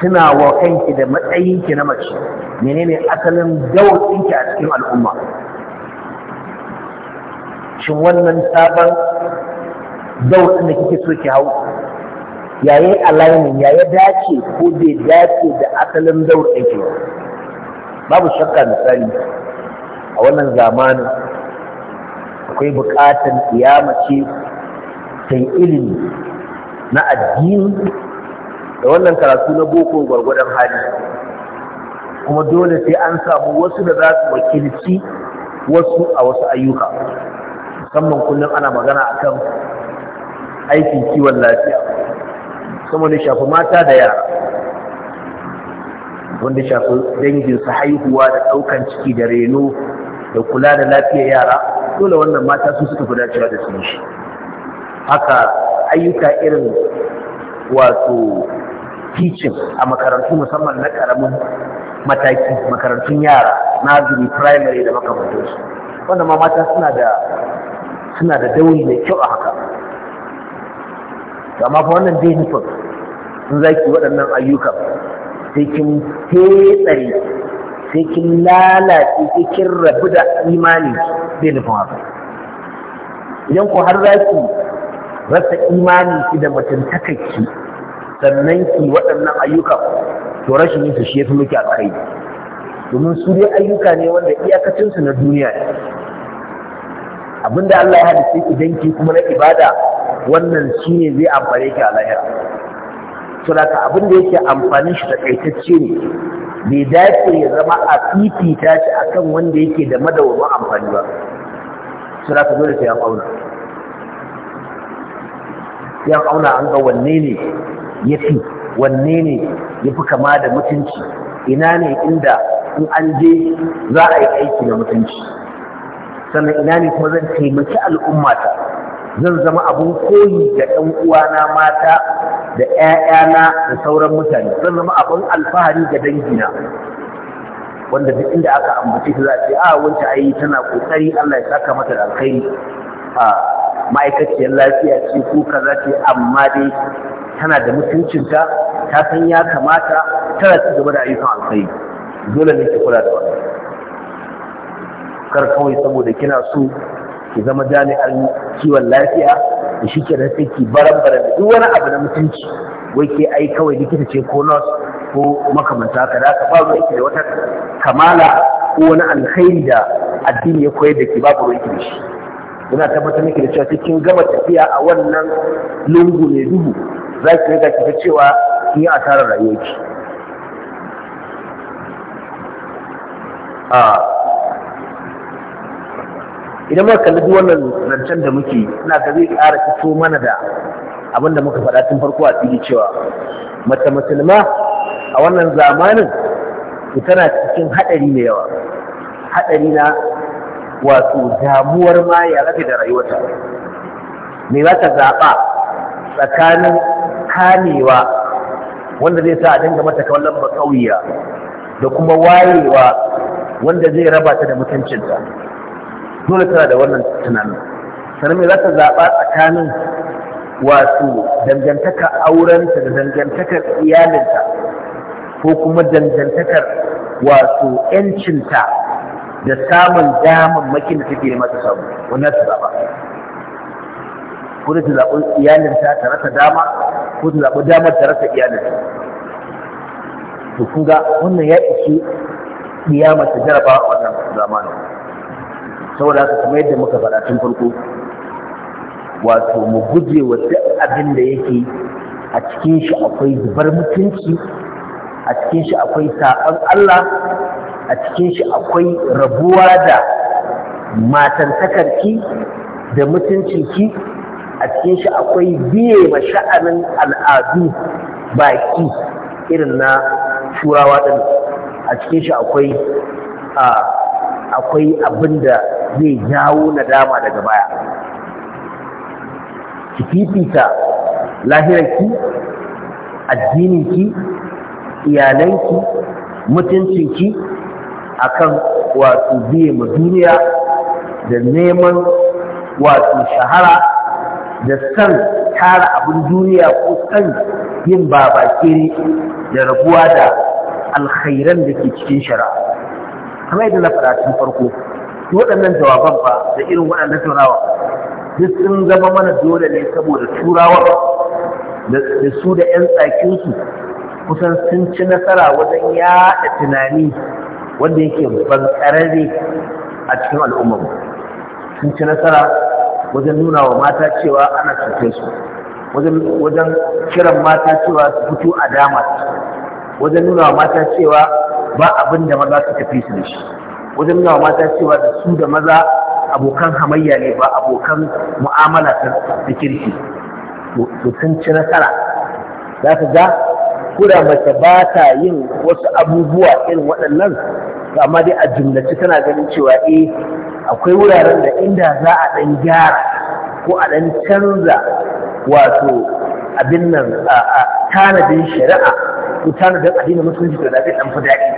tuna wa kanki da matsayinki na mace menene asalin dautsinki a cikin al'umma shin wannan sabon da waɗanda kike so ki hau ya yi ya ya dace ko bai dace da asalin daur ɗin ke babu shakka misali a wannan zamanin akwai buƙatar iyamace, ta ilimi na addini da wannan karatu na boko gwargwadon hali kuma dole sai an samu wasu da za su wakilci wasu a wasu ayyuka musamman kullum ana magana akan aikin kiwon lafiya sama da shafi mata da yara wanda shafi danginsu haihuwa da ɗaukan ciki da reno da kula da lafiyar yara dole wannan mata su suka fi da su shi haka ayyuka irin wato teaching a makarantu musamman na karamin mataki makarantun yara azumi primary da makamantarsu. wanda ma mata suna da dauri mai kyau a haka amma fa wannan zai nufin in za ki waɗannan ayyuka sai kin tsare sai kin lalace sai kin rabu da imani zai nufin haka idan ku har za ki rasa imani ki da mutuntakarki sannan ki waɗannan ayyuka to rashin yin su shi yafi miki kai. domin su dai ayyuka ne wanda iyakacinsu na duniya ne abinda Allah ya halitta idan ki kuma na ibada wannan shi ne zai amfane ki a lahira to abin da yake amfanin shi da takaitacce ne bai dace ya zama a fifita shi akan wanda yake da madawamin amfani ba to da ka dole sai auna yan auna an ga wanne ne ya wanne ne ya fi kama da mutunci ina ne inda in an je za a yi aiki na mutunci sannan ina ne kuma zan taimaki al'ummata zan zama abun koyi ga ɗan uwana mata da ‘ya'yana da sauran mutane zan zama abun alfahari ga dangina wanda duk inda aka ambace ta za a ce a ah, wancan ayi tana kokari Allah ya saka mata da alkhairi a ma'aikaciyar lafiya ce ko kaza ce amma dai tana da mutuncinta ta san ya kamata tana ci gaba da ayyukan alkhairi dole ne ki kula da wannan kar kawai saboda kina so ki zama jami'ar kiwon lafiya da shi ke da ki barambara da duk wani abu na mutunci wai ke ai kawai likita ce ko nurse ko makamanta haka da aka ba yake da wata kamala ko wani alkhairi da addini ya koyar da ki babu yake da shi yana tabbatar miki da cewa kin gama tafiya a wannan lungu mai duhu za ki riga ki cewa kin yi asarar rayuwarki ah, idan muka kalli duk wannan rancen da muke ina ga zai ƙara fito mana da abin da muka faɗa tun farko a fili cewa mace musulma a wannan zamanin su tana cikin haɗari mai yawa haɗari na wato damuwar ma ya da rayuwarta Mai za ta zaɓa tsakanin kamewa wanda zai sa a dinga mata kallon ba da kuma wayewa wanda zai raba ta da mutuncinta dole tana da wannan tunanin sannan me za ta zaɓa tsakanin wasu dangantaka aurenta da dangantakar iyalinta ko kuma dangantakar wasu ‘yancinta da samun makin da take nema masu samu wannan ta zaɓa ko da ta zaɓi iyalinta ta rasa dama ko ta zaɓi damar ta rasa iyalinta to kun ga wannan ya ishe kiyama ta jarabawa wannan zamanin saboda haka kamar yadda muka faɗa tun farko wato mu guje wa duk abin da yake a cikin shi akwai zubar mutunci a cikin shi akwai saɓon Allah a cikin shi akwai rabuwa da matantakarki da mutuncinki a cikin shi akwai biye ma sha'anin al'adu baƙi irin na turawa ɗin a cikin shi akwai a akwai abin da zai jawo nadama daga baya ki fifita lahirarki addininki iyalanki mutuncinki akan wato biye ma duniya da neman wato shahara da san tara abin duniya ko san yin babakere da rabuwa da alkhairan da ke cikin shari'a kamar yadda na faɗa tun farko su waɗannan jawaban ba da irin waɗannan turawa duk sun zama mana dole ne saboda turawa da su da ƴan tsakinsu kusan sun ci nasara wajen yaɗa tunani wanda yake bankararre a cikin al'ummar sun ci nasara wajen nuna wa mata cewa ana cutar su wajen kiran mata cewa su fito a dama wajen nuna wa mata cewa ba abin da maza suka fi su da shi wajen nawa mata cewa da su da maza abokan hamayya ne ba abokan mu'amala ta kirki to sun ci nasara za ka ga kura mace ba ta yin wasu abubuwa irin waɗannan amma dai a jumlace tana ganin cewa e akwai wuraren da inda za a ɗan gyara ko a ɗan canza wato abin nan a tanadin shari'a ku tana da addinin musulunci da zai dan fi daɗi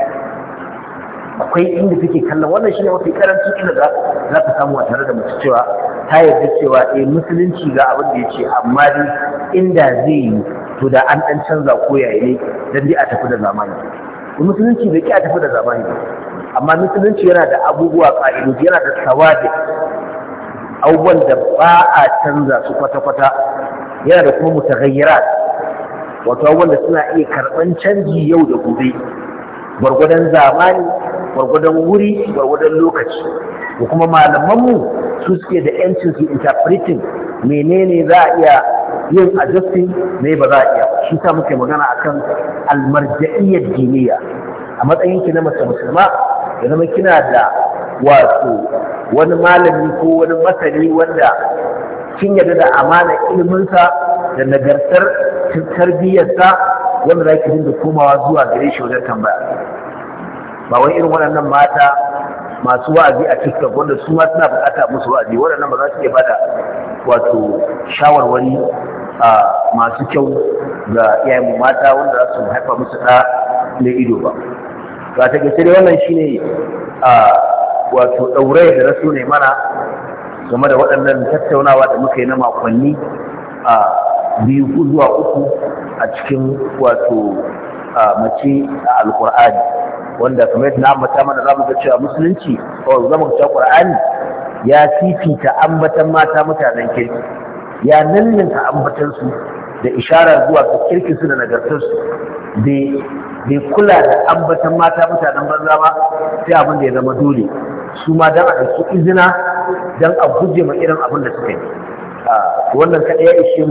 akwai inda take kallon wannan ne mafi karancin inda za za ka samu a tare da mace cewa ta yarda cewa eh musulunci ga abin da yace amma dai inda zai yi to da an dan canza koyaye ne dan dai a tafi da zamani musulunci bai ki a tafi da zamani amma musulunci yana da abubuwa ka'idoji yana da sawadi abubuwan da ba a canza su kwata-kwata yana da kuma mutagayyarat wato wanda suna iya karɓan canji yau da gobe gwargwadon zamani gwargwadon wuri gwargwadon lokaci da kuma malamanmu su suke da yancin su interpreting menene za a iya yin adjusting ne ba za a iya shi ta muke magana akan almarja'iyyar diniya a matsayin ki na mace musulma da zama kina da wato wani malami ko wani masani wanda kin yarda da amana ilminsa da nagartar tarbiyyarsa wanda za ki dinga komawa zuwa gare shi wajen tambaya ba wai irin waɗannan mata masu wa'azi a tiktok wanda su ma suna bukata musu wa'azi waɗannan ba za su iya bada wato shawarwari masu kyau ga iyayen mata wanda za su haifa musu ɗa na ido ba ba ta gaske dai wannan shine wato ɗaurayar da rasu ne mana game da waɗannan tattaunawa da muka yi na makonni a biyu ko zuwa uku a cikin wato mace a alkur'ani wanda kamar yadda na ambata mana za mu ga cewa musulunci ko za mu ga qur'ani ya fifita ambatan mata mutanen kirki ya nanninka ambatan su da isharar zuwa ga kirkin su da nagartar su bai kula da ambatan mata mutanen banza ba sai abin da ya zama dole su ma dan a ɗauki izina dan a guje ma irin abin da suka yi ah, wannan kaɗai ya ishin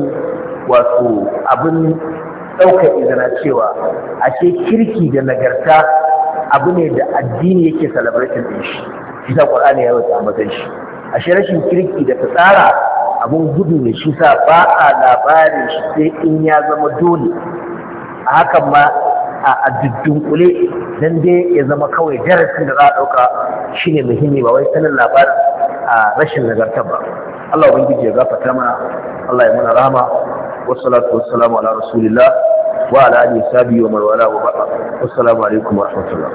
wato abin ɗaukar izina cewa ashe kirki da nagarta abu ne da addini yake celebrating din shi isa qur'ani ya wata matan shi ashe rashin kirki da ta tsara abin gudu ne shi sa ba a labarin shi sai in ya zama dole a hakan ma a kule, dan dai ya zama kawai darasin da za a ɗauka shine muhimmi ba wai sanin labarin a rashin nagarta ba Allah ubangiji ya ta mana Allah ya muna rahama wassalatu wassalamu ala rasulillah wa ala alihi wa sahbihi wa man wala wa ba'd assalamu alaikum wa rahmatullah